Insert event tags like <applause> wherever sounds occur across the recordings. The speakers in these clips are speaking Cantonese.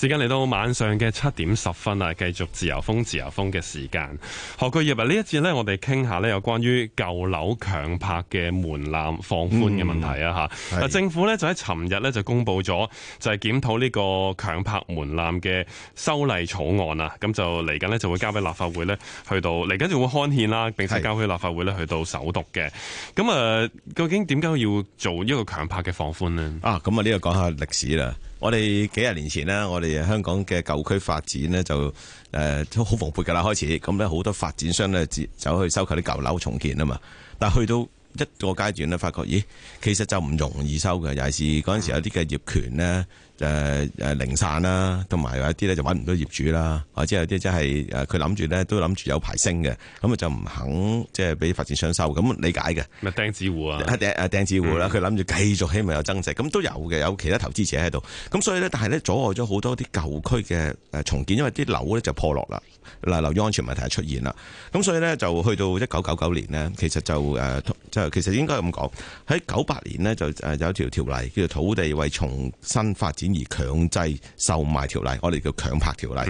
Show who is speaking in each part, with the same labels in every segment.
Speaker 1: 時間嚟到晚上嘅七點十分啦，繼續自由風自由風嘅時間。何巨業，嗱呢一節咧，我哋傾下咧，有關於舊樓強拍嘅門檻放寬嘅問題啊吓。嗱、嗯，政府咧就喺尋日咧就公布咗，就係檢討呢個強拍門檻嘅修例草案啊。咁就嚟緊咧就會交俾立法會咧，去到嚟緊就會刊憲啦，並且交俾立法會咧去到首讀嘅。咁是啊，究竟點解要做呢個強拍嘅放寬呢？啊，咁啊，呢個講下歷史啦。我哋幾十年前
Speaker 2: 呢，我哋香港嘅舊區發展呢就誒、呃、都好蓬勃噶啦，開始咁咧好多發展商咧走去收購啲舊樓重建啊嘛，但係去到一個階段咧，發覺咦，其實就唔容易收嘅，尤其是嗰陣時有啲嘅業權呢。誒誒零散啦，同埋有啲咧就揾唔到業主啦，或者有啲即係誒佢諗住咧都諗住有排升嘅，咁啊就唔肯即係俾發展商收，咁理解嘅。
Speaker 1: 咪釘子戶
Speaker 2: 啊！釘子戶啦，佢諗住繼續希望有增值，咁都、嗯、有嘅，有其他投資者喺度。咁所以咧，但係咧阻礙咗好多啲舊區嘅誒重建，因為啲樓咧就破落啦，嗱，樓宇安全問題就出現啦。咁所以咧就去到一九九九年呢，其實就誒就，就其實應該咁講，喺九八年呢，就誒有條條例叫做土地為重新發展。而強制售賣條例，我哋叫強拍條例。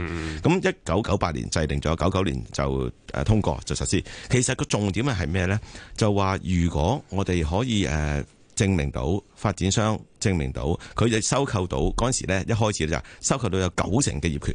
Speaker 2: 咁一九九八年制定咗，九九年就通過就實施。其實個重點啊係咩呢？就話如果我哋可以誒證明到發展商證明到佢哋收購到嗰陣時呢，一開始就收購到有九成嘅業權。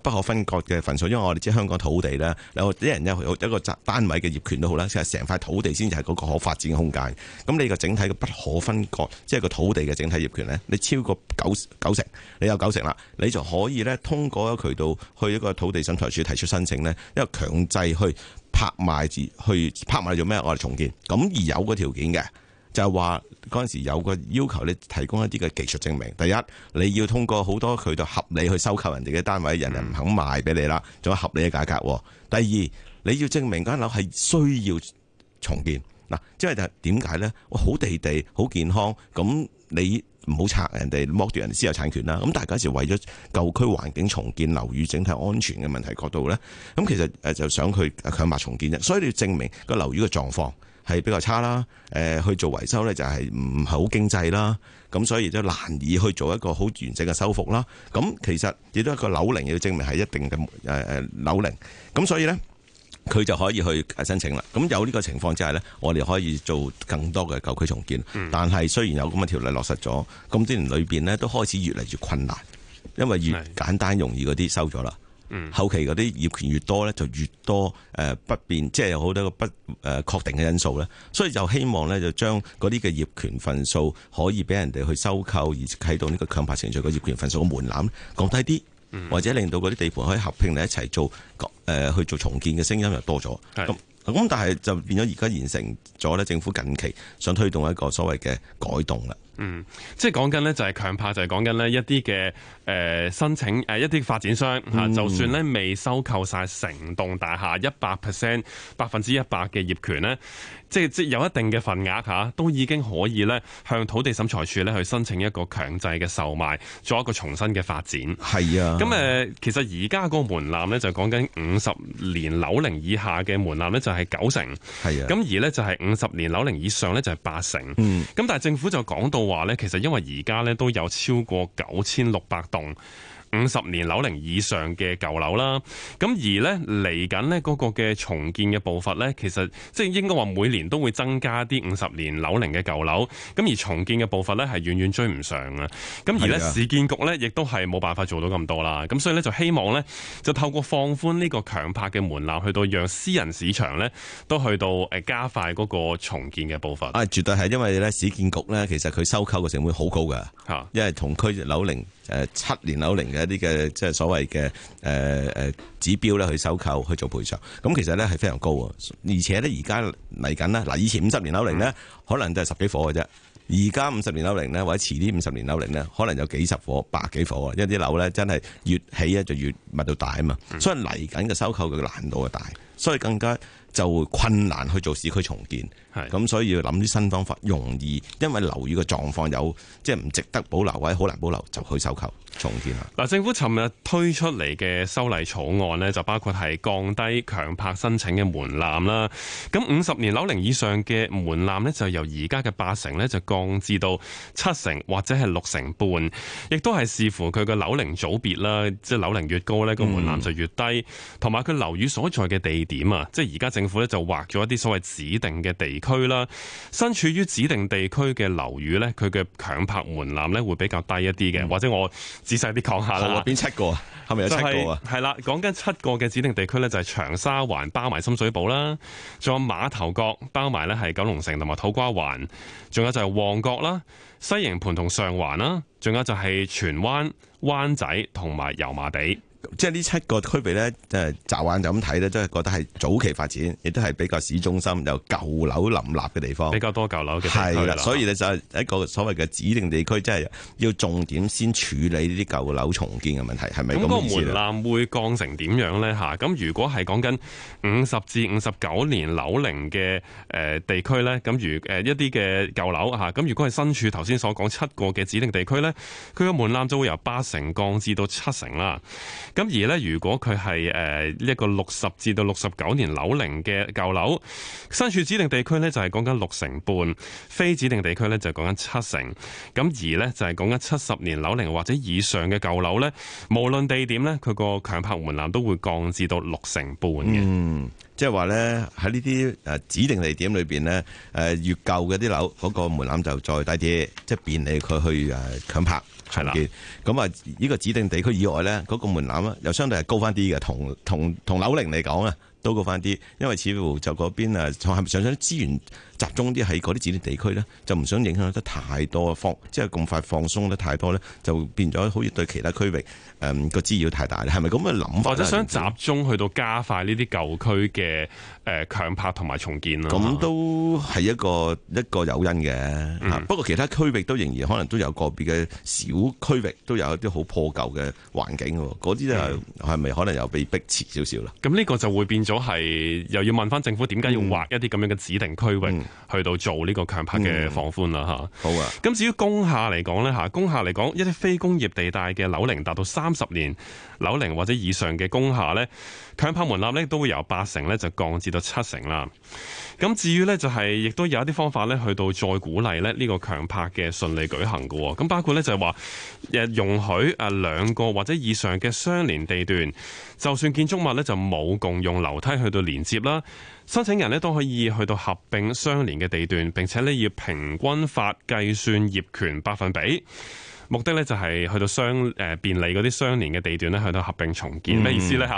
Speaker 2: 不可分割嘅份數，因為我哋知香港土地咧，有啲人有有一個集單位嘅業權都好啦，即係成塊土地先至係嗰個可發展嘅空間。咁你個整體嘅不可分割，即係個土地嘅整體業權咧，你超過九九成，你有九成啦，你就可以咧通過一個渠道去一個土地審裁處提出申請咧，一個強制去拍賣去拍賣做咩？我哋重建，咁而有個條件嘅。就係話嗰陣時有個要求你提供一啲嘅技術證明。第一，你要通過好多渠道合理去收購人哋嘅單位，人哋唔肯賣俾你啦，仲有合理嘅價格。第二，你要證明間樓係需要重建。嗱、啊，即係點解呢？好地地好健康，咁你唔好拆人哋，剝奪人哋私有產權啦。咁但家就為咗舊區環境重建樓宇整體安全嘅問題角度呢，咁其實就想佢強化重建啫。所以你要證明個樓宇嘅狀況。係比較差啦，誒，去做維修呢，就係唔係好經濟啦，咁所以都難以去做一個好完整嘅修復啦。咁其實亦都係一個樓齡要證明係一定嘅誒誒樓齡，咁所以呢，佢就可以去申請啦。咁有呢個情況之下呢，我哋可以做更多嘅舊區重建，但係雖然有咁嘅條例落實咗，咁之前裏邊呢都開始越嚟越困難，因為越簡單容易嗰啲收咗啦。嗯、後期嗰啲業權越多呢就越多誒、呃、不便即係有好多個不誒、呃、確定嘅因素呢，所以就希望呢，就將嗰啲嘅業權份數可以俾人哋去收購而啟動呢個強拍程序嘅業權份數嘅門檻降低啲，嗯、或者令到嗰啲地盤可以合併嚟一齊做、呃、去做重建嘅聲音又多咗。咁是的 但係就變咗而家完成咗呢，政府近期想推動一個所謂嘅改動啦。
Speaker 1: 嗯，即係講緊咧，就係強拍，就係講緊咧一啲嘅誒申請誒、呃、一啲發展商吓，嗯、就算咧未收購晒成棟大廈一百 percent 百分之一百嘅業權咧，即係即係有一定嘅份額吓，都已經可以咧向土地審裁處咧去申請一個強制嘅售賣，做一個重新嘅發展。係啊，咁誒，其實而家個門檻咧就講緊五十年樓齡以下嘅門檻咧就係九成，係啊，咁而咧就係五十年樓齡以上咧就係八成，嗯，咁但係政府就講到。話咧，其實因為而家咧都有超過九千六百棟五十年樓齡以上嘅舊樓啦，咁而呢嚟緊呢嗰個嘅重建嘅步伐呢，其實即係應該話每年都會增加啲五十年樓齡嘅舊樓，咁而重建嘅步伐呢，係遠遠追唔上啊，咁而呢市建局呢，亦都係冇辦法做到咁多啦，咁所以呢，就希望呢，就透過放寬呢個強拍嘅門檻，去到讓私人市場呢都去到誒加快嗰個重建嘅步伐。啊，
Speaker 2: 絕對係因為呢市建局呢，其實佢收購嘅成本好高噶，吓的，因為同區樓齡誒七年樓齡嘅。一啲嘅即係所謂嘅誒誒指標咧去收購，去做賠償，咁其實咧係非常高啊！而且咧而家嚟緊啦，嗱以前五十年樓齡咧可能就係十幾伙嘅啫，而家五十年樓齡咧或者遲啲五十年樓齡咧，可能有幾十伙、百幾伙啊！因為啲樓咧真係越起咧就越密度大啊嘛，所以嚟緊嘅收購嘅難度啊大，所以更加就困難去做市區重建。係，咁是所以要諗啲新方法。容易，因為樓宇嘅狀況有，即係唔值得保留或者好難保留，就去收購重建啦。
Speaker 1: 嗱，政府尋日推出嚟嘅修例草案呢，就包括係降低強拍申請嘅門檻啦。咁五十年樓齡以上嘅門檻呢，就由而家嘅八成呢，就降至到七成或者係六成半，亦都係視乎佢嘅樓齡組別啦。即係樓齡越高呢，個門檻就越低，同埋佢樓宇所在嘅地點啊，即係而家政府呢，就劃咗一啲所謂指定嘅地。區啦，身處於指定地區嘅樓宇呢，佢嘅強拍門檻呢，會比較低一啲嘅。嗯、或者我仔細啲講下啦。邊七個係咪有七個啊？係啦，講緊七個嘅，就是，指定地區呢就係長沙灣包埋深水埗啦，仲有碼頭角包埋呢係九龍城同埋土瓜灣，仲有就係旺角啦，西營盤同上環啦，仲有就係荃灣、灣仔同埋油麻地。
Speaker 2: 即係呢七個區域呢，即係乍眼就咁睇呢，都係覺得係早期發展，亦都係比較市中心有舊樓林立嘅地方，比
Speaker 1: 較多舊樓嘅。所以
Speaker 2: 呢，就係一個所謂嘅指定地區，即係要重點先處理呢啲舊樓重建嘅問題，係咪咁嘅意思呢？咁個門檻
Speaker 1: 會降成點樣呢？咁如果係講緊五十至五十九年樓齡嘅地區呢，咁如一啲嘅舊樓，咁如果係身處頭先所講七個嘅指定地區呢，佢嘅門檻就會由八成降至到七成啦。咁而咧，如果佢係誒一個六十至到六十九年樓齡嘅舊樓，身處指定地區呢，就係講緊六成半，非指定地區呢，就講緊七成。咁而呢，就係講緊七十年樓齡或者以上嘅舊樓呢，無論地點呢，佢個強拍門檻都會降至到六成半嘅。嗯即
Speaker 2: 係話咧喺呢啲誒指定地點裏邊咧誒越舊嘅啲樓嗰個門檻就再低啲，即係便利佢去誒強拍係啦。咁啊，呢個指定地區以外咧，嗰個門檻咧又相對係高翻啲嘅，同同同樓齡嚟講啊，都高翻啲，因為似乎就嗰邊啊，從係咪想想資源？集中啲喺嗰啲指定地區咧，就唔想影響得太多放，即係咁快放鬆得太多咧，就變咗好似對其他區域誒個滋擾太大咧。係咪咁嘅諗法？或者想集
Speaker 1: 中去到加快呢啲舊區嘅誒強拍同埋重建啦。咁
Speaker 2: 都係一個一個誘因嘅，嗯、不過其他區域都仍然可能都有個別嘅小區域，都有一啲好破舊嘅環境，嗰啲就係、係、咪、嗯、可能又被逼遲少少啦？
Speaker 1: 咁呢個就會變咗係又要問翻政府點解要劃一啲咁樣嘅指定區域？嗯去到做呢個強拍嘅放寬啦吓，好啊。咁至於工廈嚟講呢？吓，工廈嚟講一啲非工業地帶嘅樓齡達到三十年樓齡或者以上嘅工廈呢，強拍門檻呢都會由八成呢就降至到七成啦。咁至於呢、就是，就係亦都有一啲方法呢去到再鼓勵呢呢個強拍嘅順利舉行嘅。咁包括呢，就係話，誒容許誒兩個或者以上嘅相連地段，就算建築物呢就冇共用樓梯去到連接啦。申請人咧都可以去到合併相連嘅地段，並且咧要平均法計算業權百分比。目的咧就係去到相誒、呃、便利嗰啲相連嘅地段咧，去到合併重建咩、嗯、意思咧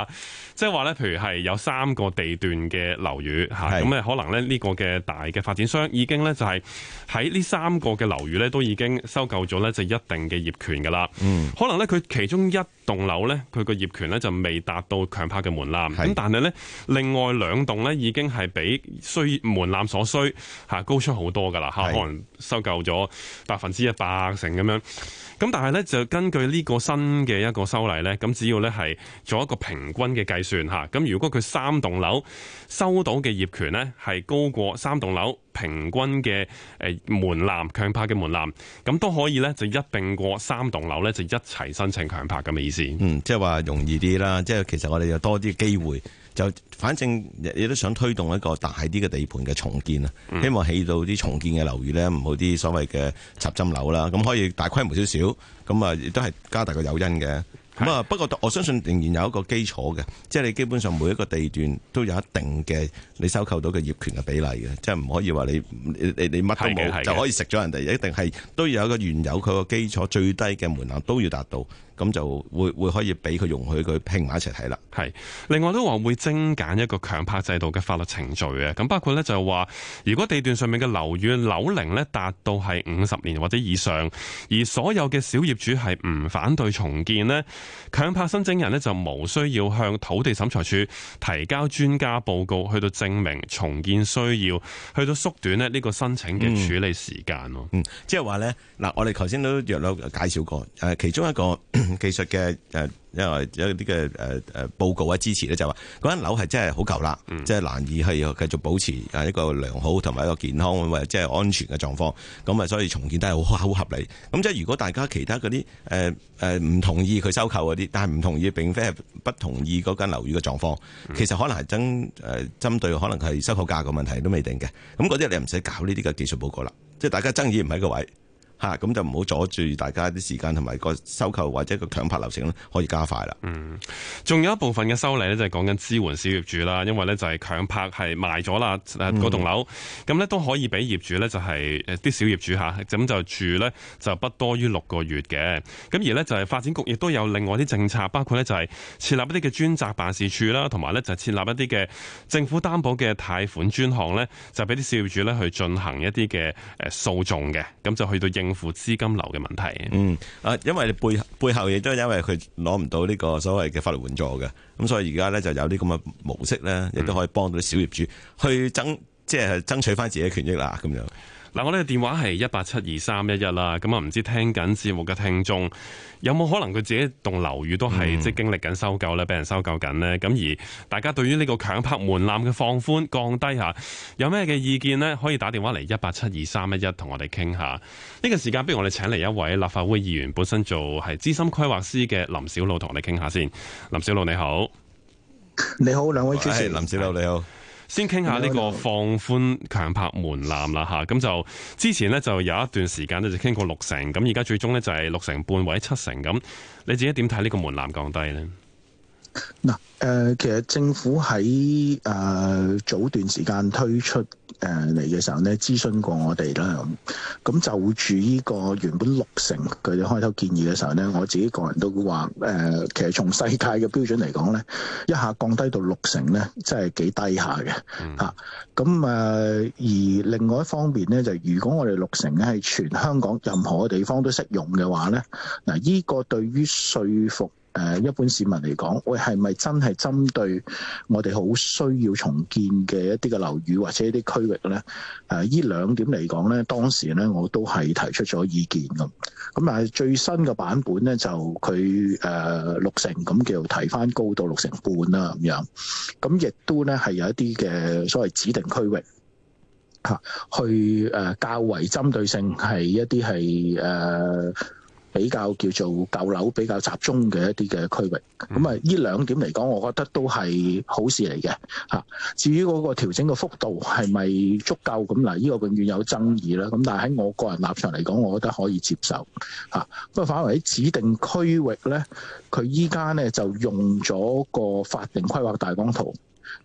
Speaker 1: 即係話咧，譬如係有三個地段嘅樓宇咁咧是可能咧呢個嘅大嘅發展商已經咧就係喺呢三個嘅樓宇咧都已經收購咗咧，就一定嘅業權噶啦。嗯，可能咧佢其中一棟樓咧，佢個業權咧就未達到強拍嘅門檻，咁是但係咧另外兩棟咧已經係比需門檻所需高出好多噶啦嚇，是可能收購咗百分之一百成咁樣。咁但係呢就根據呢個新嘅一個修例呢，咁只要呢係做一個平均嘅計算吓，咁如果佢三棟樓收到嘅業權呢係高過三棟樓平均嘅門檻強拍嘅門檻，咁都可以呢就一併過三棟樓呢就一齊申請強拍咁嘅意思。嗯，
Speaker 2: 即係話容易啲啦，即係其實我哋有多啲機會。就反正亦都想推動一個大啲嘅地盤嘅重建啊，希望起到啲重建嘅樓宇咧，唔好啲所謂嘅插針樓啦。咁可以大規模少少，咁啊亦都係加大個誘因嘅。咁啊是的 不過我相信仍然有一個基礎嘅，即係你基本上每一個地段都有一定嘅你收購到嘅業權嘅比例嘅，即係唔可以話你你你乜都冇就可以食咗人哋，一定係都要有一個原有佢個基礎最低嘅門檻都要達到。咁就會會可以俾佢容許佢拼埋一齊睇啦。
Speaker 1: 係另外都話會精簡一個強拍制度嘅法律程序啊。咁包括咧就係話，如果地段上面嘅樓宇樓齡咧達到係五十年或者以上，而所有嘅小業主係唔反對重建呢，強拍申請人呢就無需要向土地審裁處提交專家報告，去到證明重建需要，去到縮短呢呢個申請嘅處理時間咯，嗯。嗯，即係話咧嗱，我哋頭先都約略介紹過，誒、呃，其中一個。 <coughs> 技術嘅
Speaker 2: 誒，因為有啲嘅誒誒報告啊支持咧、就是，就話嗰間樓係真係好舊啦，即係難以係繼續保持啊一個良好同埋一個健康或者即係安全嘅狀況。咁啊，所以重建都係好好合理。咁即係如果大家其他嗰啲誒誒唔同意佢收購嗰啲，但係唔同意，並非係不同意嗰間樓宇嘅狀況。其實可能係針誒針對可能係收購價嘅問題都未定嘅。咁嗰啲你又唔使搞呢啲嘅技術報告啦。即、就、係、是、大家爭議唔喺個位。吓咁、啊、就唔好阻住大家啲時間同埋個收購或者個強拍流程咧，可以加快啦。嗯，
Speaker 1: 仲有一部分嘅修例咧，就係講緊支援小業主啦，因為咧就係強拍係賣咗啦，誒棟樓，咁咧都可以俾業主咧就係誒啲小業主吓咁就住咧就不多於六個月嘅。咁而咧就係發展局亦都有另外啲政策，包括咧就係設立一啲嘅專責辦事處啦，同埋咧就設立一啲嘅政府擔保嘅貸款專項咧，就俾啲小業主咧去進行一啲嘅誒訴訟嘅，咁就去到應政府資金流嘅問題，嗯啊，因為你背背後亦都係因為佢攞
Speaker 2: 唔到呢個所謂嘅法律援助嘅，咁所以而家呢，就有啲咁嘅模式呢，亦都可以幫到啲小業主去爭，即係爭取翻自己嘅權益啦，咁樣。
Speaker 1: 嗱，我哋電話係一八七二三一一啦，咁啊唔知聽緊節目嘅聽眾有冇可能佢自己棟樓宇都係即係經歷緊收購咧，俾、嗯、人收購緊呢。咁而大家對於呢個強拍門檻嘅放寬、降低下，有咩嘅意見呢？可以打電話嚟，一八七二三一一，同我哋傾下。呢、嗯、個時間不如我哋請嚟一位立法會議員，本身做係資深規劃師嘅林筱魯，同我哋傾下先。林筱魯你好，你好，兩位主持林筱魯你好。先傾下呢個放寬強拍門檻啦吓，咁就之前呢，就有一段時間就傾過六成，咁而家最終呢，就係六成半或者七成咁，你自己點睇呢個門檻降低呢？
Speaker 3: 嗱，誒、呃，其實政府喺誒、呃、早段時間推出誒嚟嘅時候咧，諮詢過我哋啦。咁、嗯、就住呢個原本六成，佢哋開頭建議嘅時候咧，我自己個人都會話，誒、呃，其實從世界嘅標準嚟講咧，一下降低到六成咧，真係幾低下嘅吓。咁誒、嗯啊，而另外一方面咧，就如果我哋六成咧係全香港任何嘅地方都適用嘅話咧，嗱，呢個對於說服。誒、呃、一般市民嚟講，喂係咪真係針對我哋好需要重建嘅一啲嘅樓宇或者一啲區域咧？誒、呃、呢兩點嚟講咧，當時咧我都係提出咗意見咁。咁但係最新嘅版本咧，就佢誒六成咁，叫提翻高到六成半啦咁樣。咁亦都咧係有一啲嘅所謂指定區域、啊、去誒、呃、較為針對性係一啲係誒。呃比較叫做舊樓比較集中嘅一啲嘅區域，咁啊，呢兩點嚟講，我覺得都係好事嚟嘅嚇。至於嗰個調整嘅幅度係咪足夠咁嗱？呢個永遠有爭議啦。咁但係喺我個人立場嚟講，我覺得可以接受嚇。不過反而喺指定區域呢，佢依家呢就用咗個法定規劃大綱圖。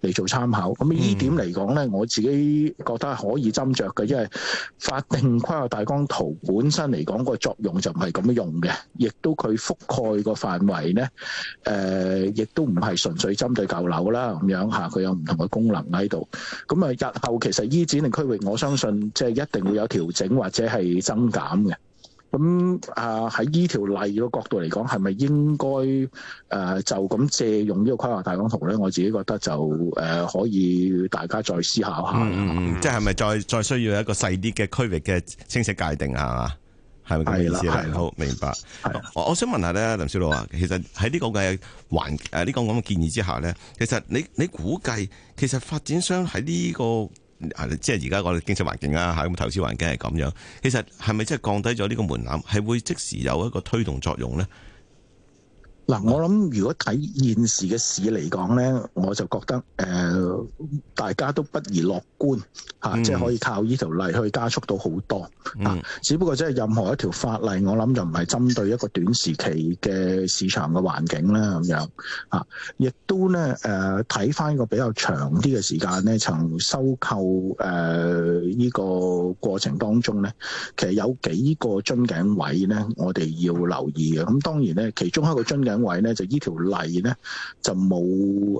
Speaker 3: 嚟做參考，咁呢點嚟講呢，我自己覺得係可以斟酌嘅，因為法定規劃大綱圖本身嚟講，個作用就唔係咁樣用嘅，亦都佢覆蓋個範圍呢，誒、呃，亦都唔係純粹針對舊樓啦，咁樣下，佢有唔同嘅功能喺度。咁啊，日後其實依指定區域，我相信即係一定會有調整或者係增減嘅。咁啊喺依條例個角度嚟講，係咪應該誒、呃、就咁借用呢個規劃大綱圖咧？我自己覺得就誒、呃、可以大家再思考下。嗯，
Speaker 2: 即係係咪再再需要一個細啲嘅區域嘅清晰界定啊？係咪咁意思咧？係好明白。的我想問下咧，林筱魯啊，其實喺呢個嘅環誒呢個咁嘅建議之下咧，其實你你估計其實發展商喺呢、呢個。即係而家我哋經濟環境啊，吓咁投資環境係咁樣，其實係咪真係降低咗呢個門檻，係會即時有一個推動作用咧？
Speaker 3: 嗱，我諗如果睇現時嘅市嚟講咧，我就覺得誒、呃、大家都不宜樂觀吓，啊嗯、即係可以靠呢條例去加速到好多。嗯、啊。只不過即係任何一條法例，我諗就唔係針對一個短時期嘅市場嘅環境啦咁樣嚇。亦、啊啊、都咧誒睇翻個比較長啲嘅時間咧，曾收購誒呢個過程當中咧，其實有幾個樽頸位咧，我哋要留意嘅。咁當然咧，其中一個樽頸。位咧就依條例咧就冇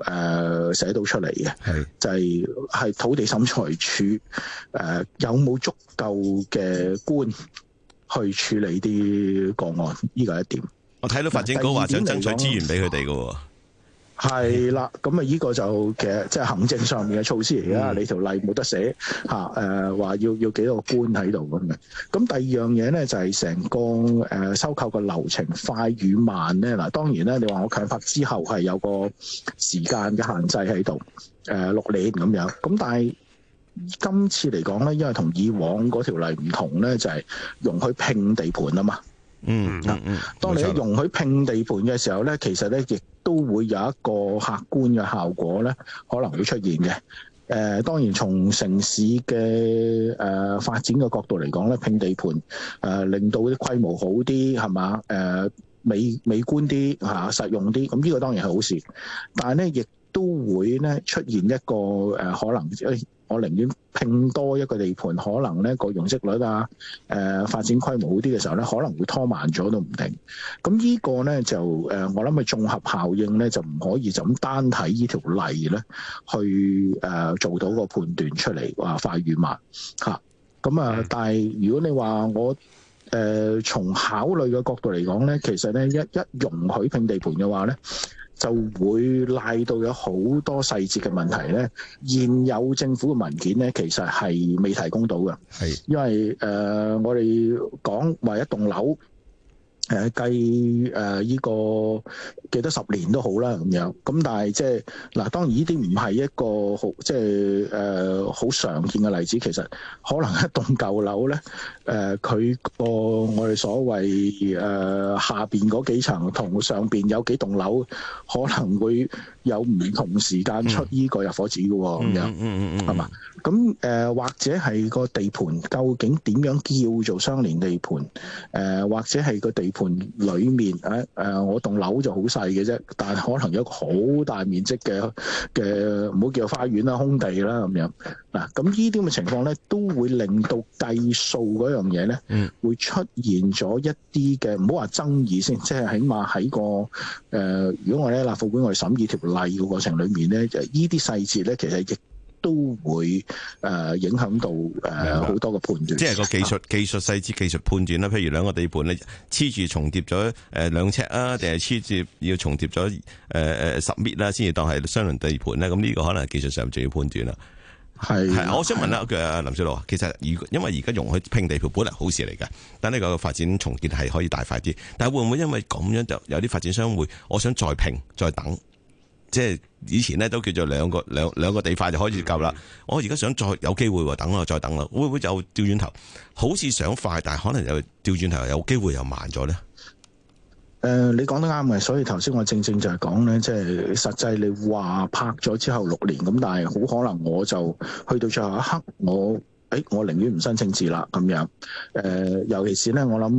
Speaker 3: 誒寫到出嚟嘅，係就係係土地審裁處誒有冇足夠嘅官去處理啲個案？依個係一點。我睇到發展局話想爭取資源俾佢哋噶喎。係啦，咁啊呢個就其實即係行政上面嘅措施嚟啦。嗯、你條例冇得寫吓，誒、啊、話要要幾多個官喺度咁樣。咁第二樣嘢咧就係、是、成個誒、呃、收購嘅流程快與慢咧嗱，當然咧你話我強拍之後係有個時間嘅限制喺度，誒、呃、六年咁樣。咁但係今次嚟講咧，因為同以往嗰條例唔同咧，就係、是、容許拼地盤啊嘛。嗯，嗱、嗯，嗯、當你咧容許拼地盤嘅時候咧，其實咧亦都會有一個客觀嘅效果咧，可能會出現嘅。誒、呃，當然從城市嘅誒、呃、發展嘅角度嚟講咧，拼地盤誒、呃、令到啲規模好啲，係嘛？誒、呃、美美觀啲，吓、啊、實用啲，咁呢個當然係好事。但係咧，亦都會咧出現一個誒、呃、可能。我寧願拼多一個地盤，可能呢個容積率啊、誒、呃、發展規模好啲嘅時候呢，可能會拖慢咗都唔定。咁呢個呢，就誒，我諗係綜合效應呢，就唔可以就咁單睇呢條例呢，去誒、呃、做到個判斷出嚟話快與慢嚇。咁啊，但係如果你話我誒、呃、從考慮嘅角度嚟講呢，其實呢，一一容許拼地盤嘅話呢。就會賴到有好多細節嘅問題咧，現有政府嘅文件咧，其實係未提供到嘅，係的因為誒、呃、我哋講話一棟樓。誒計誒依個幾多十年都好啦，咁樣咁但係即係嗱，當然呢啲唔係一個好即係誒好常見嘅例子，其實可能一棟舊樓咧，誒、呃、佢、個我哋所謂誒、呃、下邊嗰幾層同上邊有幾棟樓可能會。有唔同時間出呢個入伙紙嘅喎，咁樣、嗯，係、嗯、嘛？咁、嗯、誒、嗯呃，或者係個地盤究竟點樣叫做相連地盤？誒、呃，或者係個地盤裡面誒誒、呃，我棟樓就好細嘅啫，但係可能有一個好大面積嘅嘅，唔好叫花園啦、空地啦咁樣嗱。咁呢啲咁嘅情況咧，都會令到計數嗰樣嘢咧，嗯、會出現咗一啲嘅唔好話爭議先，即、就、係、是、起碼喺個誒、呃，如果我咧立庫官，副本我哋審議的條例。第二個過程裏面呢，就呢啲細節呢，其實亦都會影響到好多嘅判斷。即係個技術、
Speaker 2: 技術細節、技術判斷啦。譬如兩個地盤呢，黐住重疊咗誒兩尺啊，定係黐住要重疊咗誒誒十米啦，先至當係相鄰地盤呢。咁呢個可能技術上仲要判斷啦的。我想問一句啊，的林筱魯，其實如因為而家容許拼地盤本嚟好事嚟嘅，但呢個發展重建係可以大快啲，但會唔會因為咁樣就有啲發展商會我想再拼再等？即係以前咧都叫做兩個，兩個地塊就開始夠啦。我而家想再有機會喎，等啊再等啦，會唔會又調轉頭？好似想快，但係可能又調轉頭，有機會又慢咗咧。
Speaker 3: 呃，你講得啱嘅，所以頭先我正正就係講咧，即係實際你話拍咗之後六年咁，但係好可能我就去到最後一刻我。誒、哎，我寧願唔申請字啦，咁樣。誒、呃，尤其是咧，我諗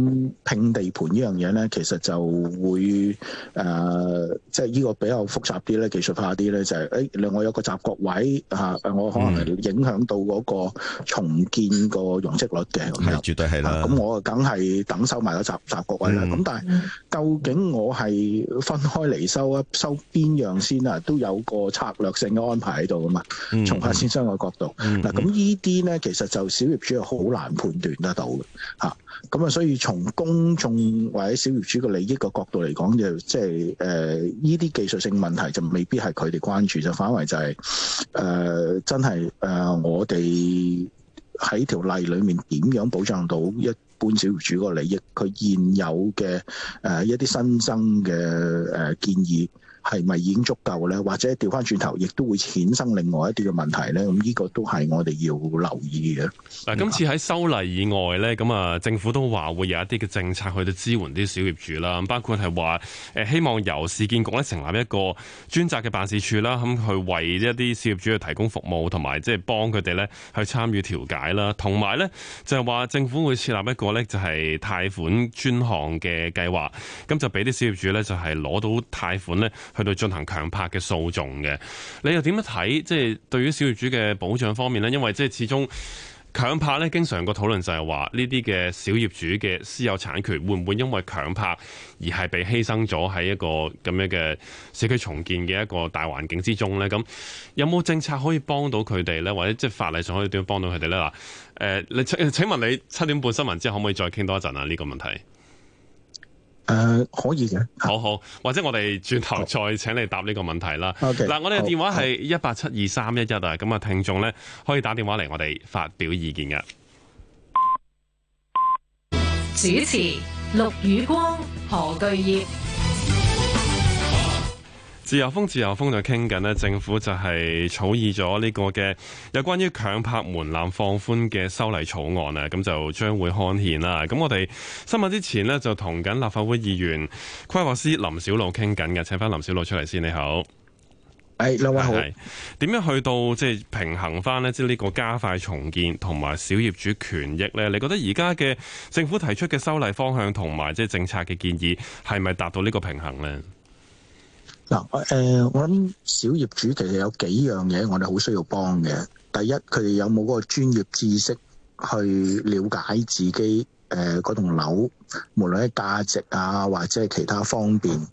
Speaker 3: 拼地盤這呢樣嘢咧，其實就會誒、呃，即係呢個比較複雜啲咧，技術化啲咧，就係、是、誒，你、哎、我有個集角位嚇、啊，我可能影響到嗰個重建個容積率嘅咁、嗯、樣是，
Speaker 2: 絕對係啦。咁、啊、我
Speaker 3: 梗係等收埋嗰集集角位啦。咁、嗯、但係究竟我係分開嚟收，收一收邊樣先啊？都有個策略性嘅安排喺度噶嘛，從發展商嘅角度。嗱、嗯，咁呢啲咧，嗯、其實～就就小業主又好難判斷得到嘅，吓，咁啊，所以從公眾或者小業主嘅利益嘅角度嚟講，就即係誒呢啲技術性問題，就未必係佢哋關注，就反為就係、是、誒、呃、真係誒、呃、我哋喺條例裏面點樣保障到一般小業主個利益？佢現有嘅誒、呃、一啲新增嘅誒、呃、建議。係咪已經足夠咧？或者調翻轉頭，亦都會衍生另外一啲嘅問題咧。咁呢個都係我哋要留意嘅。
Speaker 1: 嗱，今次喺修例以外咧，咁啊，政府都話會有一啲嘅政策去到支援啲小業主啦。咁包括係話，誒希望由市建局咧成立一個專責嘅辦事處啦，咁去為一啲小業主去提供服務，同埋即係幫佢哋咧去參與調解啦。同埋咧就係話，政府會設立一個咧，就係貸款專項嘅計劃，咁就俾啲小業主咧，就係攞到貸款咧。去到進行強拍嘅訴訟嘅，你又點樣睇？即係對於小業主嘅保障方面呢？因為即係始終強拍咧，經常個討論就係話呢啲嘅小業主嘅私有產權會唔會因為強拍而係被犧牲咗喺一個咁樣嘅社區重建嘅一個大環境之中呢？咁有冇政策可以幫到佢哋呢？或者即係法例上可以點樣幫到佢哋呢？嗱，誒，你請請問你七點半新聞之後可唔可以再傾多一陣啊？呢個問題。
Speaker 3: 誒、呃，可以嘅，
Speaker 1: 啊、好好，或者我哋轉頭再請你答呢個問題啦。嗱，我哋嘅電話係一八七二三一一啊，咁啊聽眾咧可以打電話嚟我哋發表意見嘅。
Speaker 4: 主持：陸宇光、何巨業。
Speaker 1: 自由風，自由風就傾緊政府就係草擬咗呢個嘅有關於強拍門檻放寬嘅修例草案啊，咁就將會刊憲啦。咁我哋新聞之前呢，就同緊立法會議員規劃師林筱魯傾緊嘅，請翻林筱魯出嚟先。你好，
Speaker 3: 誒，你好，
Speaker 1: 點樣去到即係平衡翻呢？即係呢個加快重建同埋小業主權益呢？你覺得而家嘅政府提出嘅修例方向同埋即係政策嘅建議係咪達到呢個平衡呢？
Speaker 3: 嗱、呃，我諗小業主其實有幾樣嘢，我哋好需要幫嘅。第一，佢哋有冇嗰個專業知識去了解自己誒嗰棟樓，無論係價值啊，或者係其他方面，誒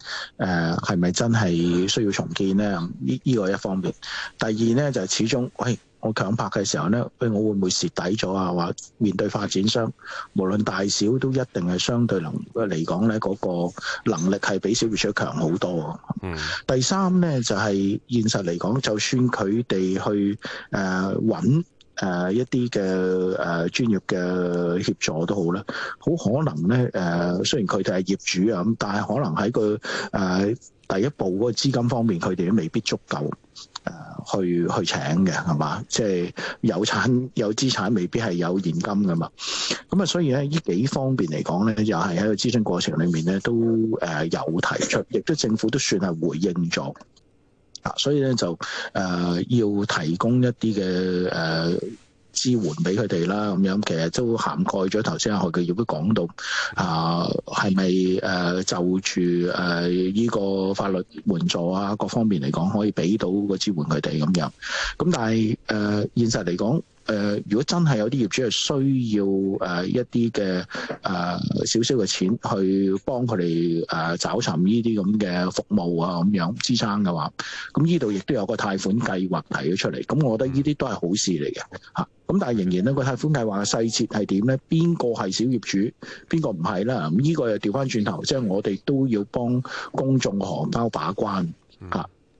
Speaker 3: 係咪真係需要重建咧？呢、呢個一方面。第二咧，就係、始終，喂、哎。我強拍嘅時候咧、欸，我會唔會蝕底咗啊？話面對發展商，無論大小都一定係相對能嚟講咧，嗰、嗰個能力係比小業主強好多。嗯、第三咧就係、是、現實嚟講，就算佢哋去誒揾。呃誒、呃、一啲嘅誒專業嘅協助都好啦，好可能咧誒、呃，雖然佢哋係業主啊咁，但係可能喺個誒第一步嗰個資金方面，佢哋都未必足夠誒、呃、去去請嘅係嘛？即係、就是、有產有資產未必係有現金噶嘛，咁啊，所以咧呢幾方面嚟講咧，又係喺個諮詢過程裏面咧都誒、呃、有提出，亦都政府都算係回應咗。所以咧就誒、呃、要提供一啲嘅誒支援俾佢哋啦，咁樣其實都涵蓋咗頭先阿何巨業都講到啊，係咪誒就住誒依個法律援助啊各方面嚟講可以俾到個支援佢哋咁樣？咁但係誒、呃、現實嚟講。誒、呃，如果真係有啲業主係需要誒、呃、一啲嘅誒少少嘅錢，去幫佢哋誒找尋呢啲咁嘅服務啊，咁樣支撐嘅話，咁呢度亦都有個貸款計劃提咗出嚟。咁我覺得呢啲都係好事嚟嘅，咁、啊、但係仍然呢、嗯、個貸款計劃嘅細節係點咧？邊個係小業主，邊個唔係啦？咁、那、呢個又調翻轉頭，即、就、係、是、我哋都要幫公眾荷包把關，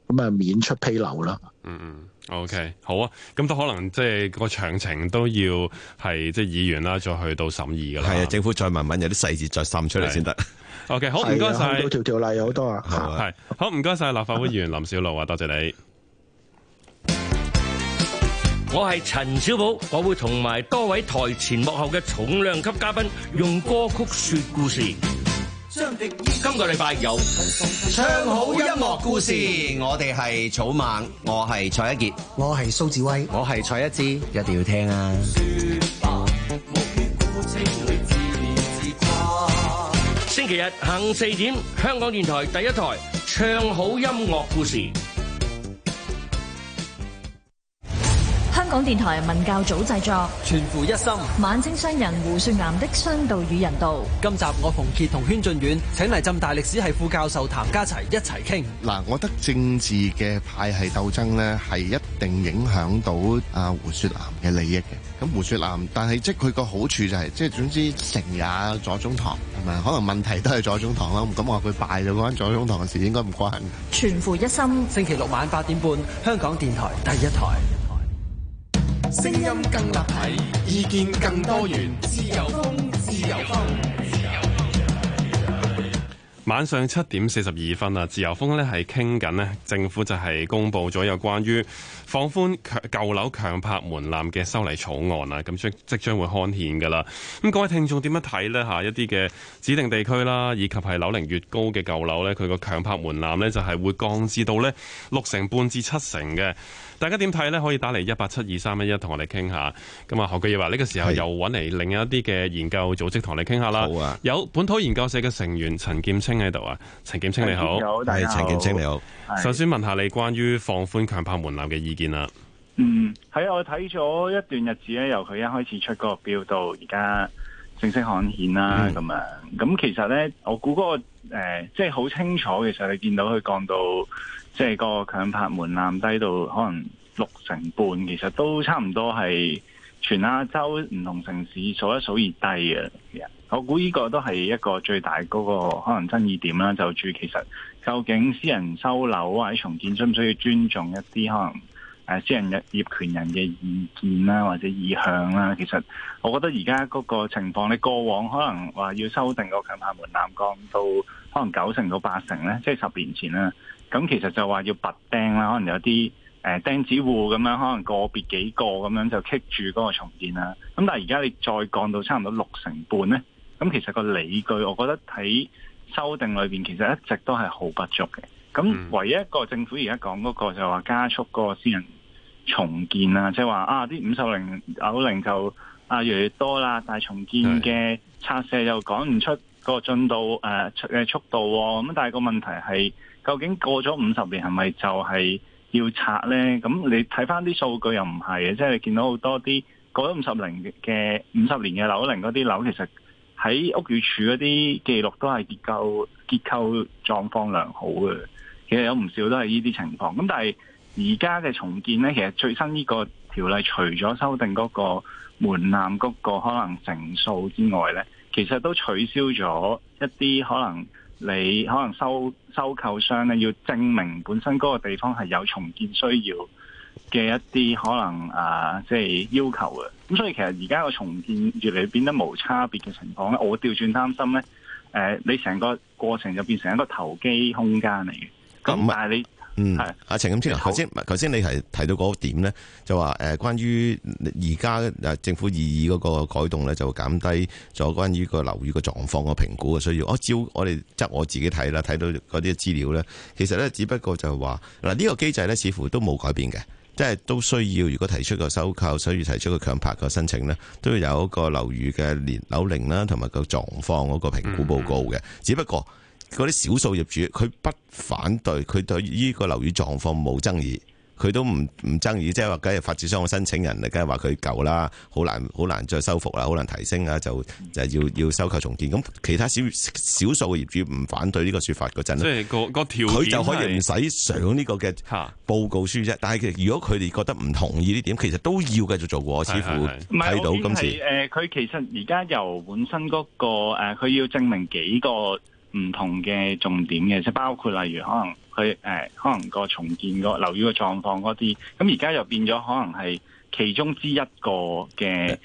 Speaker 3: 咁啊，免出披露啦。嗯嗯。
Speaker 1: O、okay, K，好啊，咁都可能即係、就是那個詳情都要係即係議員啦，再去到審議噶啦。係啊，政府再慢慢有啲細節再滲出嚟先得。O、
Speaker 3: okay, K，好，唔該晒。條條謝例好多啊。係、啊好啊，
Speaker 1: 好，唔該晒立法會議員林筱魯啊，多 <laughs> 謝,謝你。我係陳小寶，我會同埋多位台前幕後嘅重量級嘉賓用
Speaker 2: 歌曲說故事。今個禮拜有唱好音樂故事，我哋係草蜢，我係蔡一傑，我係蘇志威，我係蔡一智。一定要聽啊！
Speaker 3: 星期日行四點，香港電台第一台唱好音樂故事。
Speaker 4: 香港電台文教組製作，全乎一心。晚清商人胡雪岩的商道與人道。
Speaker 1: 今集我馮杰同軒俊遠，請嚟浸大歷史系副教授譚家齊一齊傾。
Speaker 2: 嗱，我覺得政治嘅派系鬥爭咧，係一定影響到阿胡雪岩嘅利益嘅。咁胡雪岩，但係即係佢個好處就係，是，即係總之成也
Speaker 1: 左中堂，係咪？可能問題都係左中堂啦。唔敢話佢敗咗嗰左中堂嘅事，應該唔關。
Speaker 5: 全乎一心，星期六晚八點半，香港電台第一台。
Speaker 1: 聲音更立體，意見更多元自自自，自由風，自由風，自由風。由風晚上七點四十二分啊，自由風咧係傾緊咧，政府就係公布咗有關於放寬強舊樓強拍門檻嘅修例草案啊，咁將即將會刊憲噶啦。咁各位聽眾點樣睇呢？吓？一啲嘅指定地區啦，以及係樓齡越高嘅舊樓咧，佢個強拍門檻呢就係會降至到呢六成半至七成嘅。大家點睇咧？可以打嚟一八七二三一一同我哋傾下。咁啊，何繼業話呢個時候又搵嚟另一啲嘅研究組織同我哋傾下啦。好啊、有本土研究社嘅成員陳劍青喺度啊，陳劍青你好，係陳劍青你好。首先問下你關於放寬強拍門檻嘅意見啦。嗯，
Speaker 4: 係啊，我睇咗一段日子咧，由佢一開始出嗰個表到而家正式刊憲啦，咁咁、嗯、其實咧，我估嗰個誒，即係好清楚，其實你見到佢降到。即係個強拍門檻低到可能六成半，其實都差唔多係全亞洲唔同城市數一數二低嘅。我估呢個都係一個最大嗰個可能爭議點啦。就住其實究竟私人收樓或者重建需唔需要尊重一啲可能誒私人嘅業權人嘅意見啦，或者意向啦，其實我覺得而家嗰個情況，你過往可能話要修訂個強拍門檻降到可能九成到八成咧，即係十年前啦。咁其實就話要拔釘啦，可能有啲誒釘子戶咁樣，可能個別幾個咁樣就棘住嗰個重建啦。咁但係而家你再降到差唔多六成半咧，咁其實個理據，我覺得喺修訂裏面其實一直都係好不足嘅。咁唯一一個政府而家講嗰個就話加速嗰個私人。重建、就是、啊，即係話啊，啲五十零，樓齡就啊越嚟越多啦。但係重建嘅拆卸又講唔出個進度誒誒、呃、速度喎、哦。咁但係個問題係，究竟過咗五十年係咪就係要拆呢？咁你睇翻啲數據又唔係，即係你見到好多啲過咗五十零嘅五十年嘅樓齡嗰啲樓，樓其實喺屋宇署嗰啲記錄都係結構結構狀況良好嘅，其實有唔少都係呢啲情況。咁但係。而家嘅重建呢，其實最新呢個條例，除咗修訂嗰個門檻嗰個可能成數之外呢，其實都取消咗一啲可能你可能收收購商呢要證明本身嗰個地方係有重建需要嘅一啲可能啊，即係要求嘅。咁所以其實而家個重建越嚟，變得無差別嘅情況呢，我調轉擔心呢誒，你成個過程就變成一個投機空間嚟嘅。咁但係你。那
Speaker 2: 嗯，係是，阿陳劍青，頭先頭先你提提到嗰點呢就話誒，關於而家政府二二嗰個改動呢就減低咗關於個樓宇個狀況個評估嘅需要。我、哦、照我哋執我自己睇啦，睇到嗰啲資料呢其實呢只不過就係話嗱，呢個機制咧，似乎都冇改變嘅，即係都需要，如果提出個收購，所以提出個強拍嘅申請呢都要有一個樓宇嘅年樓齡啦，同埋個狀況嗰個評估報告嘅，只不過。嗰啲少數業主，佢不反對，佢對依個樓宇狀況冇爭議，佢都唔唔爭議，即係話梗係發展商嘅申請人嚟，梗係話佢舊啦，好難好難再修復啦，好難提升啊，就就係要要收購重建。咁其他少少數嘅業主唔反對呢個說法嗰陣，即係
Speaker 1: 個個條件，佢就可以
Speaker 2: 唔使上呢個嘅報告書啫。但係如果佢哋覺得唔同意呢點，其實都要繼續做過，我似乎睇到今次，
Speaker 4: 佢其實而家由本身嗰、那個佢要證明幾個。唔同嘅重點嘅，即係包括例如可能佢誒、呃，可能個重建個樓宇嘅狀況嗰啲，咁而家又變咗，可能係其中之一個嘅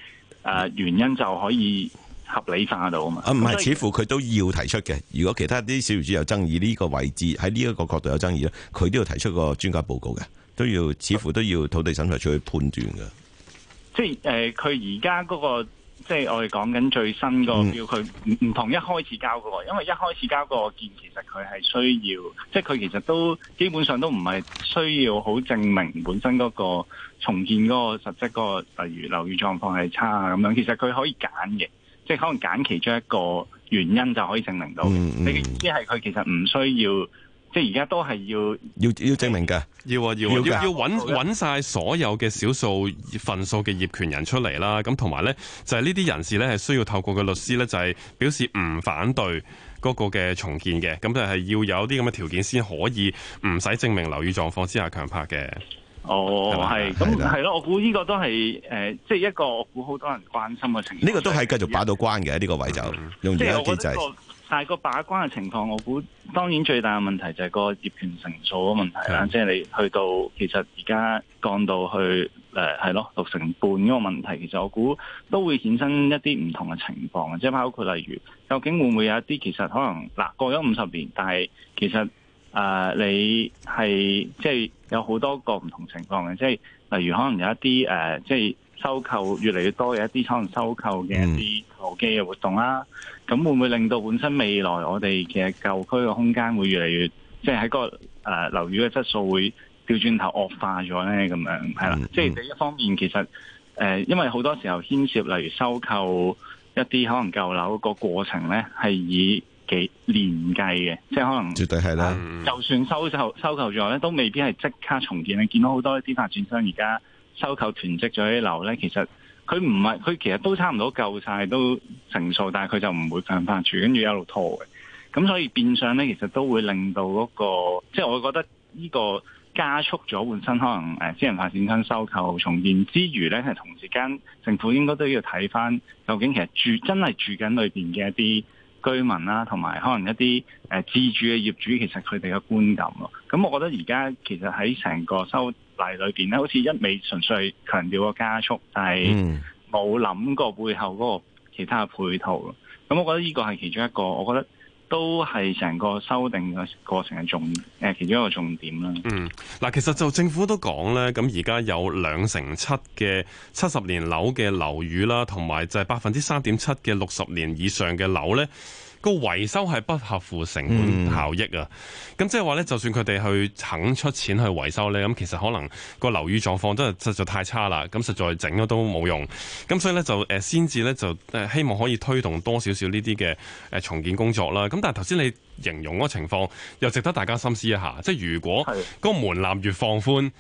Speaker 4: 誒原因就可以合理化到嘛？啊，唔係，以似
Speaker 2: 乎佢都要提出嘅。如果其他啲小業主有爭議呢個位置，喺呢一個角度有爭議咧，佢都要提出個專家報告嘅，都要似乎都要土地審裁處去判斷嘅。
Speaker 4: 即係誒，佢而家嗰個。即係我哋講緊最新個叫佢唔唔同、嗯、一開始交個，因為一開始交個件，其實佢係需要，即係佢其實都基本上都唔係需要好證明本身嗰個重建嗰個實質嗰、那個例如樓宇狀況係差啊咁樣，其實佢可以揀嘅，即係可能揀其中一個原因就可以證明到嘅。你意思係佢其實唔需要？即係而家都係要要要證明嘅，
Speaker 1: 要啊要的要要揾晒所有嘅少數份數嘅業權人出嚟啦。咁同埋咧，就係呢啲人士咧係需要透過嘅律師咧，就係、是、表示唔反對嗰個嘅重建嘅。咁就係要有啲咁嘅條件先可以唔使證明樓宇狀況之下強拍嘅。哦，
Speaker 4: 係咁係咯。我估呢個都係誒，即、呃、係、就是、一個我估好多人關心嘅情況。呢
Speaker 1: 個都係繼續把到關嘅呢人個位就、嗯、
Speaker 2: 用而家嘅機制。
Speaker 4: 但係個把關嘅情況，我估當然最大嘅問題就係個業權成數嘅問題啦。是的即係你去到其實而家降到去誒係咯六成半嗰個問題，其實我估都會衍生一啲唔同嘅情況。即係包括例如，究竟會唔會有一啲其實可能嗱、呃、過咗五十年，但係其實誒、呃、你係即係有好多個唔同情況嘅。即係例如可能有一啲誒、呃、即係。收購越嚟越多嘅一啲可能收購嘅一啲投機嘅活動啦，咁、嗯、會唔會令到本身未來我哋嘅舊區嘅空間會越嚟越，即係喺個誒樓宇嘅質素會調轉頭惡化咗咧？咁樣係啦，即係第一方面，其實誒，因為好多時候牽涉例如收購一啲可能舊樓個過程咧，係以幾年計嘅，即係可能絕對係啦。嗯、就算收購收購咗咧，都未必係即刻重建。你見到好多一啲發展商而家。收購囤積咗啲樓呢，其實佢唔係佢其實都差唔多夠晒都成數，但佢就唔會放翻住，跟住一路拖嘅。咁所以變相呢，其實都會令到嗰、那個，即係我覺得呢個加速咗換新，本身可能誒私、啊、人發展商收購重建之餘呢，係同時間政府應該都要睇翻，究竟其實住真係住緊裏面嘅一啲居民啦、啊，同埋可能一啲誒、啊、自住嘅業主，其實佢哋嘅觀感咯。咁我覺得而家其實喺成個收裏邊咧，好似一味純粹強調個加速，但係冇諗過背後嗰個其他配套咯。咁，我覺得呢個係其中一個，我覺得都係成個修訂嘅過程嘅重誒、呃，其中一個重點啦。嗯，
Speaker 1: 嗱，其實就政府都講咧，咁而家有兩成七嘅七十年樓嘅樓宇啦，同埋就係百分之三點七嘅六十年以上嘅樓咧。個維修係不合乎成本效益啊！咁、嗯、即係話呢，就算佢哋去肯出錢去維修呢，咁其實可能個樓宇狀況真係實在太差啦，咁實在整咗都冇用。咁所以呢，就、呃、誒，先至呢，就希望可以推動多少少呢啲嘅誒重建工作啦。咁但係頭先你形容嗰個情況，又值得大家深思一下。即係如果個門檻越放寬，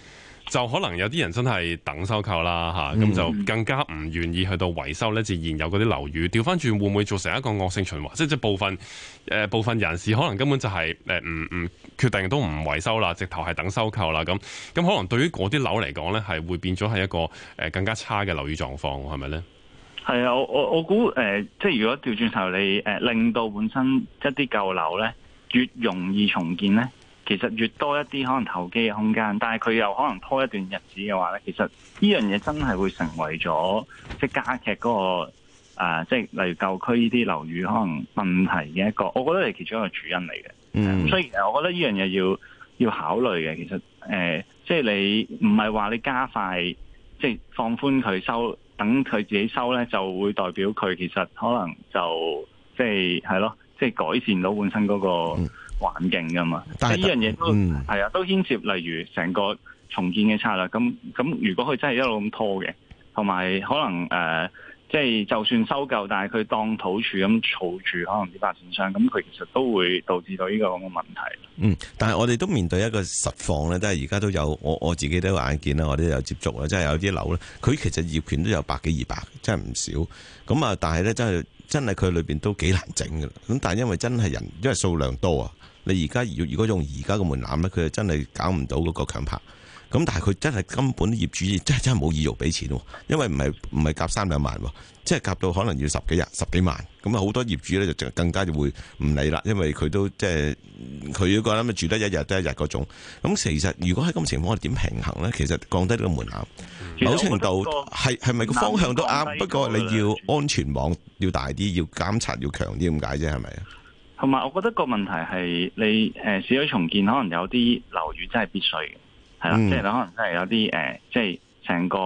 Speaker 1: 就可能有啲人真係等收購啦嚇，咁、嗯、就更加唔願意去到維修呢，自然有嗰啲樓宇調翻轉會唔會造成一個惡性循環？即係部分誒、呃、部分人士可能根本就係誒唔唔決定都唔維修啦，直頭係等收購啦。咁咁可能對於嗰啲樓嚟講呢係會變咗係一個誒更加差嘅樓宇狀況，係咪呢？
Speaker 4: 係啊，我我我估誒，即係如果調轉頭你誒令到本身一啲舊樓呢越容易重建呢，其實越多一啲可能投機嘅空間，但係佢又可能拖一段日子嘅話咧，其實呢樣嘢真係會成為咗即係加劇嗰、那個、呃、即係例如舊區呢啲樓宇可能問題嘅一個，我覺得係其中一個主因嚟嘅。嗯，所以其實我覺得呢樣嘢要要考慮嘅，其實誒、呃，即係你唔係話你加快即係放寬佢收，等佢自己收咧，就會代表佢其實可能就即係係咯，即係改善到本身嗰、那個。嗯環境噶嘛，但係呢樣嘢都係啊，嗯、都牽涉例如成個重建嘅策略。咁咁，如果佢真係一路咁拖嘅，同埋可能誒，即、呃、係、就是、就算收購，但係佢當土儲咁儲住，可能啲發展商，咁佢其實都會導致到呢個咁嘅問題。嗯，
Speaker 2: 但係我哋都面對一個實況咧，都係而家都有我我自己都有眼見啦，我都有接觸啊，即係有啲樓咧，佢其實業權都有百幾二百，即係唔少。咁啊，但係咧真係。真係佢裏邊都幾難整嘅，咁但係因為真係人，因為數量多啊，你而家如果用而家嘅門檻咧，佢係真係搞唔到嗰個強拍。咁但係佢真係根本業主真係真係冇意欲俾錢，因為唔係唔係夾三兩萬，即係夾到可能要十幾日十幾萬，咁啊好多業主咧就更加就會唔理啦，因為佢都即係佢如果諗住得一日得一日嗰種，咁其實如果喺咁嘅情況，我哋點平衡呢？其實降低呢個門檻。某程度係係咪個方向都啱？不過你要安全網要大啲，要監察要強啲，咁解啫，係咪？
Speaker 4: 同埋，我覺得個問題係你誒，市區重建可能有啲樓宇真係必須嘅，係啦，嗯、即係可能真係有啲誒，即係成個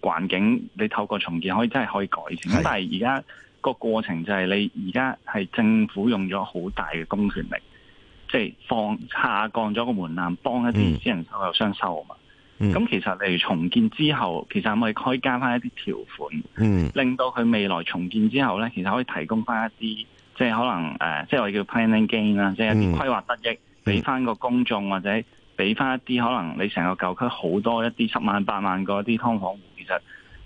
Speaker 4: 環境，你透過重建可以真係可以改善。咁是的 但係而家個過程就係你而家係政府用咗好大嘅公權力，即係放下降咗個門檻，幫一啲私人手有雙收啊嘛。嗯嗯咁、嗯、其實例如重建之後，其實可唔可以加翻一啲條款，嗯、令到佢未來重建之後呢，其實可以提供翻一啲，即係可能即係我哋叫 planning gain 啦，即係、嗯、一啲規劃得益，俾翻個公眾或者俾翻一啲可能你成個舊區好多一啲十萬八萬個一啲劏房戶其實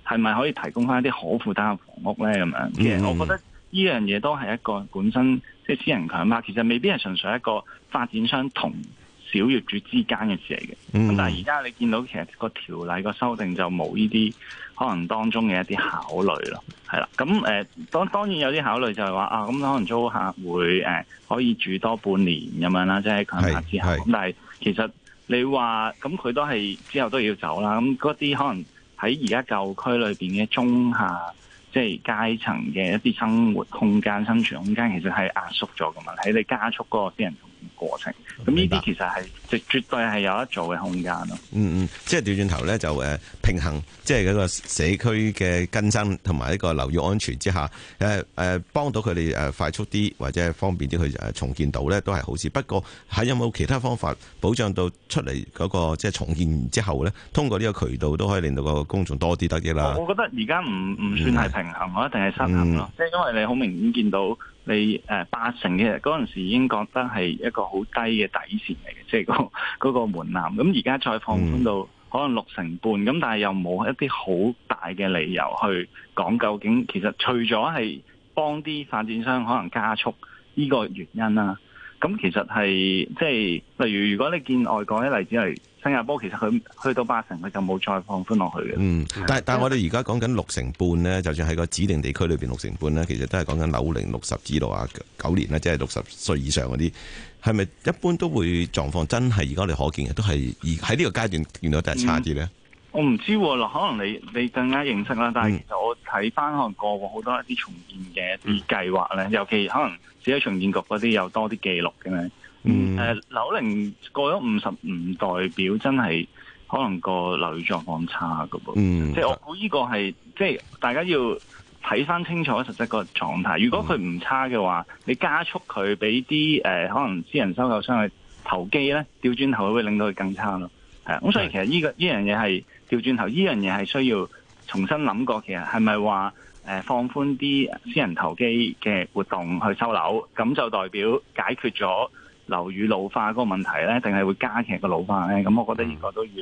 Speaker 4: 係咪可以提供翻一啲可負擔嘅房屋呢？咁樣，嗯、其實我覺得呢樣嘢都係一個本身即係、就是、私人強拍，其實未必係純粹一個發展商同小業主之間嘅事嚟嘅，咁但係而家你見到其實個條例、個修訂就冇呢啲可能當中嘅一啲考慮咯，係啦，咁誒，當、呃、當然有啲考慮就係話啊，咁、嗯、可能租客會誒、呃、可以住多半年咁樣啦，即係強化之下，咁但係其實你話咁佢都係之後都要走啦，咁嗰啲可能喺而家舊區裏邊嘅中下即係階層嘅一啲生活空間、生存空間，其實係壓縮咗嘅嘛。喺你加速嗰個啲人。過程咁呢啲其實係，就白絕對係有得做嘅空間咯。
Speaker 2: 嗯嗯，即係調轉頭咧就、誒平衡，即係嗰個社區嘅更新同埋一個樓宇安全之下，誒、誒幫到佢哋誒快速啲或者係方便啲去誒重建到咧都係好事。不過係有冇其他方法保障到出嚟嗰個即係重建完之後咧，通過呢個渠道都可以令到個公眾多啲得益啦。我覺
Speaker 4: 得而家唔唔算係平衡，是一定係失衡咯。即係、嗯、因為你好明顯見到。你誒、呃、八成嘅人嗰陣時已經覺得係一個好低嘅底線嚟嘅，即係嗰個門檻。咁而家再放寬到可能六成半，咁但係又冇一啲好大嘅理由去講究竟其實除咗係幫啲發展商可能加速呢個原因啦。咁其實係即係，例如如果你見外國啲例子係新加坡，其實佢去，去到八成，佢就冇再放寬落去嘅。嗯，但係但我哋而
Speaker 2: 家講緊六成半咧，就算喺個指定地區裏面六成半咧，其實都係講緊樓齡六十至六十九年呢，即係六十歲以上嗰啲，係咪一般都會狀況真係而家你可見嘅都係而喺呢個階段見到都係差啲咧？嗯
Speaker 4: 我唔知喎，嗱，可能你你更加認識啦。但係其實我睇翻可能過往好多一啲重建嘅啲計劃咧，嗯、尤其可能只係重建局嗰啲有多啲記錄嘅咧。嗯，誒樓齡過咗五十唔代表真係可能個樓宇狀況差㗎噃。嗯，即係我估呢個係即係大家要睇翻清楚實際個狀態。如果佢唔差嘅話，你加速佢俾啲誒可能私人收購商去投機咧，調轉頭會令到佢更差咯。係啊，咁所以其實呢、呢個呢樣嘢係。是掉轉頭，呢樣嘢係需要重新諗過，其實係咪話誒放寬啲私人投機嘅活動去收樓，咁就代表解決咗樓宇老化嗰個問題呢，定係會加劇個老化呢？咁我覺得呢個都要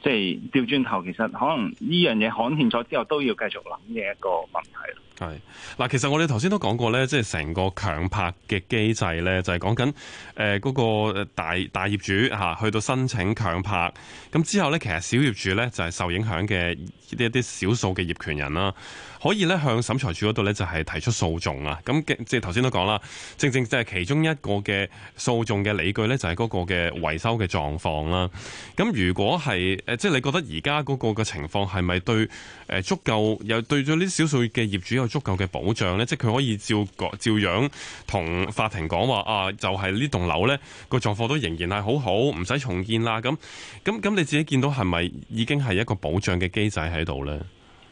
Speaker 4: 即係掉轉頭，其實可能呢樣嘢講清楚之後，都要繼續諗嘅一個問題。
Speaker 1: 係，嗱，其實我哋頭先都講過咧，即係成個強拍嘅機制咧，就係講緊誒嗰個大大業主吓，去到申請強拍，咁之後咧，其實小業主咧就係受影響嘅一啲少數嘅業權人啦。可以咧向審裁處嗰度咧就係提出訴訟啊！咁即係頭先都講啦，正正即係其中一個嘅訴訟嘅理據咧，就係嗰個嘅維修嘅狀況啦。咁如果係誒，即係你覺得而家嗰個嘅情況係咪對誒足夠，又對咗呢啲少數嘅業主有足夠嘅保障咧？即係佢可以照照樣同法庭講話啊，就係、是、呢棟樓咧個狀況都仍然係好好，唔使重建啦。咁咁咁，你自己見到係咪已經係一個保障嘅機制喺度咧？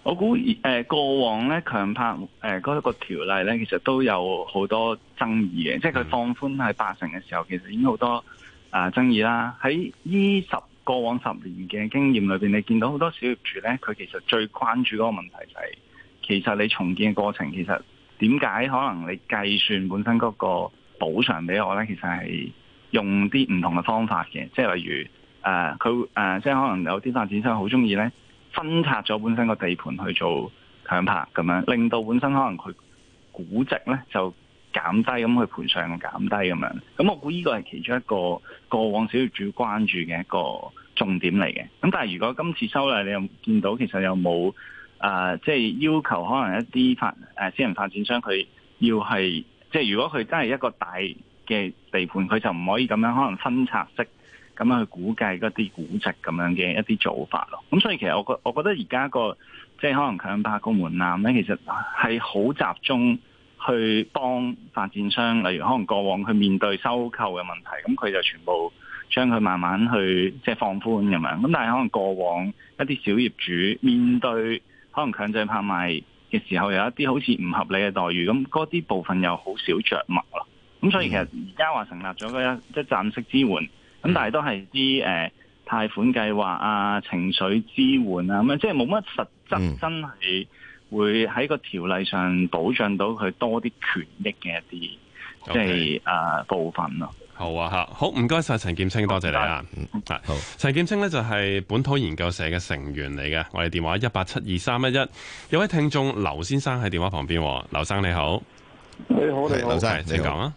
Speaker 4: 我估誒、呃、過往咧強拍誒嗰一個條例咧，其實都有好多爭議嘅，即係佢放寬喺八成嘅時候，其實已經好多啊、呃、爭議啦。喺呢十、過往十年嘅經驗裏邊，你見到好多小業主咧，佢其實最關注嗰個問題就係、是，其實你重建嘅過程其實點解可能你計算本身嗰個補償俾我咧，其實係用啲唔同嘅方法嘅，即係例如誒佢誒即係可能有啲發展商好中意咧。分拆咗本身個地盤去做強拍咁樣，令到本身可能佢估值呢就減低，咁佢賠償減低咁樣。咁我估呢個係其中一個過往小業主關注嘅一個重點嚟嘅。咁但係如果今次收例，你又見到其實有冇誒，即、呃、係、就是、要求可能一啲發、呃、私人發展商佢要係即係如果佢真係一個大嘅地盤，佢就唔可以咁樣可能分拆式。咁樣去估計嗰啲估值咁樣嘅一啲做法咯，咁所以其實我，我覺我覺得而家個即係可能強拍個門檻咧其實係好集中去幫發展商，例如可能過往去面對收購嘅問題，咁佢就全部將佢慢慢去即係放寬咁樣。咁但係可能過往一啲小業主面對可能強制拍賣嘅時候，有一啲好似唔合理嘅待遇，咁嗰啲部分又好少着墨咯。咁所以其實而家話成立咗個一站式支援。咁但係都係啲誒貸款計劃啊、情緒支援啊咁樣，即係冇乜實質真係會喺個條例上保障到佢多啲權益嘅一啲即係誒部分咯、啊啊。
Speaker 1: 好啊吓，謝謝好唔該晒陳劍青，多謝你啊。係好，陳劍青呢，就係、是、本土研究社嘅成員嚟嘅。我哋電話一八七二三一一，1, 有位聽眾劉先生喺電話旁邊，劉生你好，
Speaker 5: 你好。你好，劉你好，先生，你講啊。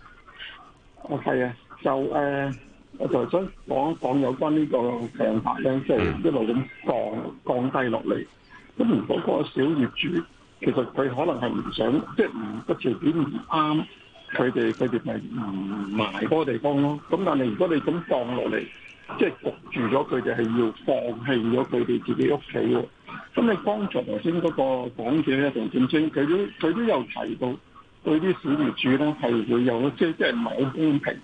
Speaker 5: 哦係啊，就誒。呃我就係想講一講有關呢個評法咧，即係一路咁降降低落嚟。咁如果個小業主其實佢可能係唔想，即係唔個條件唔啱，佢哋佢哋咪唔賣嗰個地方咯。咁但係如果你咁降落嚟，即係焗住咗佢哋係要放棄咗佢哋自己屋企喎。咁你剛才頭先嗰個講者咧，陳劍青，佢都佢都有提到，對啲小業主咧係會有即係即係唔係好公平。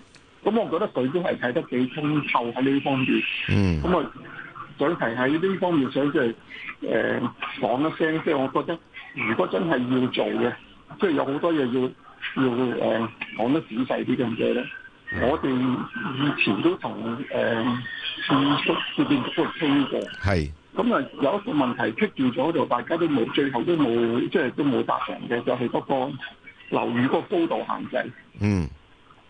Speaker 5: 咁、嗯嗯、我覺得佢都係睇得幾通透喺呢方面。嗯。咁啊，想提喺呢方面想、就是，想即係講一聲，即、就、係、是、我覺得，如果真係要做嘅，即、就、係、是、有好多嘢要要誒講、呃、得仔細啲咁嘅咧。嗯、我哋以前都同誒建築嗰邊都傾過。係是。咁啊，有一個問題棘住咗，就，大家都冇，最後都冇，即、就、係、是、都冇達成嘅，就係、是、嗰個樓宇嗰個高度限制。嗯。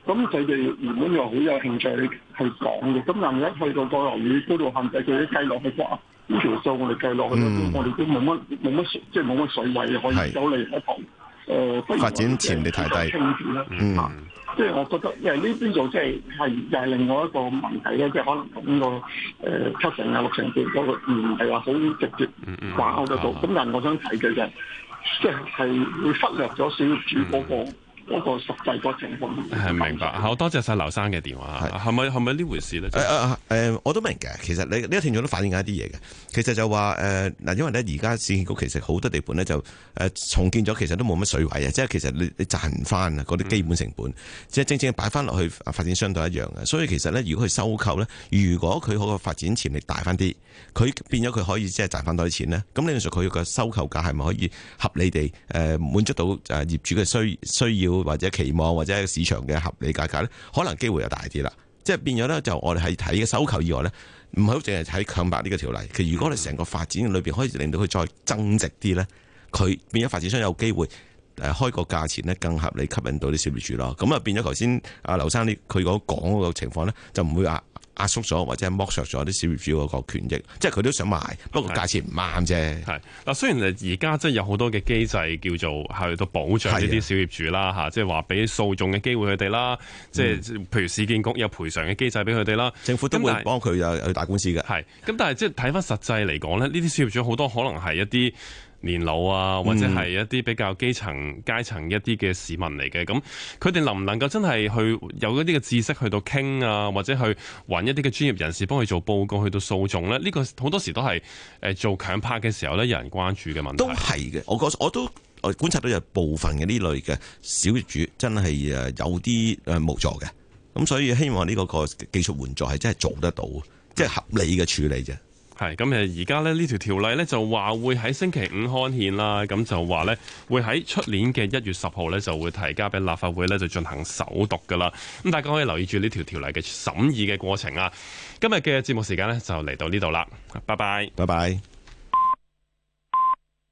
Speaker 5: 咁佢哋原本又好有興趣係講嘅，咁但係一去到過樓宇高度限制佢啲計落嘅話，呢條數我哋計落去，我哋、嗯、都冇乜冇乜水，即係冇乜水位可以走嚟一度。誒是，呃、發展潛力太低。清住啦，嗯，即係我覺得，因為呢邊做就即係係又係另外一個問題咧，即、就、係、是、可能咁、那個誒、呃、七成啊六成嘅嗰個唔係話好直接把握得到。咁、嗯啊、但係我想睇嘅嘅，即係會忽略咗小業主嗰個。嗯一個
Speaker 1: 實際個情況係明白，好多謝晒劉生嘅電話，係咪係咪呢回事咧？誒、啊啊
Speaker 2: 啊、我都明嘅。其實你呢一聽咗都反映緊一啲嘢嘅。其實就話誒嗱，因為咧而家市建局其實好多地盤咧就誒、呃、重建咗，其實都冇乜水位啊，即係其實你你賺翻啊嗰啲基本成本，嗯、即係正正擺翻落去發展商都一樣嘅。所以其實咧，如果佢收購咧，如果佢個發展潛力大翻啲，佢變咗佢可以即係賺翻多啲錢咧。咁你陣時佢個收購價係咪可以合理地誒滿、呃、足到誒業主嘅需需要？或者期望或者市場嘅合理價格咧，可能機會又大啲啦，即係變咗咧，就我哋係睇嘅收購以外咧，唔好淨係睇強拍呢個條例。其實如果你成個發展裏邊可以令到佢再增值啲咧，佢變咗發展商有機會誒，開個價錢咧更合理，吸引到啲小業主咯。咁啊變咗頭先阿劉生呢佢講嗰個情況咧，就唔會話。壓縮咗或者剝削咗啲小業主嗰個權益，即係佢都想賣，不過價錢唔啱啫。係
Speaker 1: 嗱，雖然而家即係有好多嘅機制叫做係去到保障呢啲小業主啦，吓，即係話俾訴訟嘅機會佢哋啦，即係譬如市建局有賠償嘅機制俾佢哋啦，嗯、政府都會幫佢去打官司嘅。咁但係即係睇翻實際嚟講咧，呢啲小業主好多可能係一啲。年老啊，或者係一啲比較基層階層一啲嘅市民嚟嘅，咁佢哋能唔能夠真係去有一啲嘅知識去到傾啊，或者去揾一啲嘅專業人士幫佢做報告，去到訴訟咧？呢個好多時都係誒做強拍嘅時候咧，有人關注嘅問題。都係嘅，我都我我都觀察到有部分嘅呢類嘅小業主真係
Speaker 2: 誒有啲誒無助嘅，咁所以希望呢個個技術援助係真係做得到，即係合理嘅處理啫。
Speaker 1: 係咁誒，而家咧呢條條例咧就話會喺星期五刊憲啦，咁就話咧會喺出年嘅一月十號咧就會提交俾立法會咧就進行首讀㗎喇。咁大家可以留意住呢條條例嘅審議嘅過程啊。今日
Speaker 4: 嘅節目時間咧就嚟到呢度啦，拜拜，拜拜。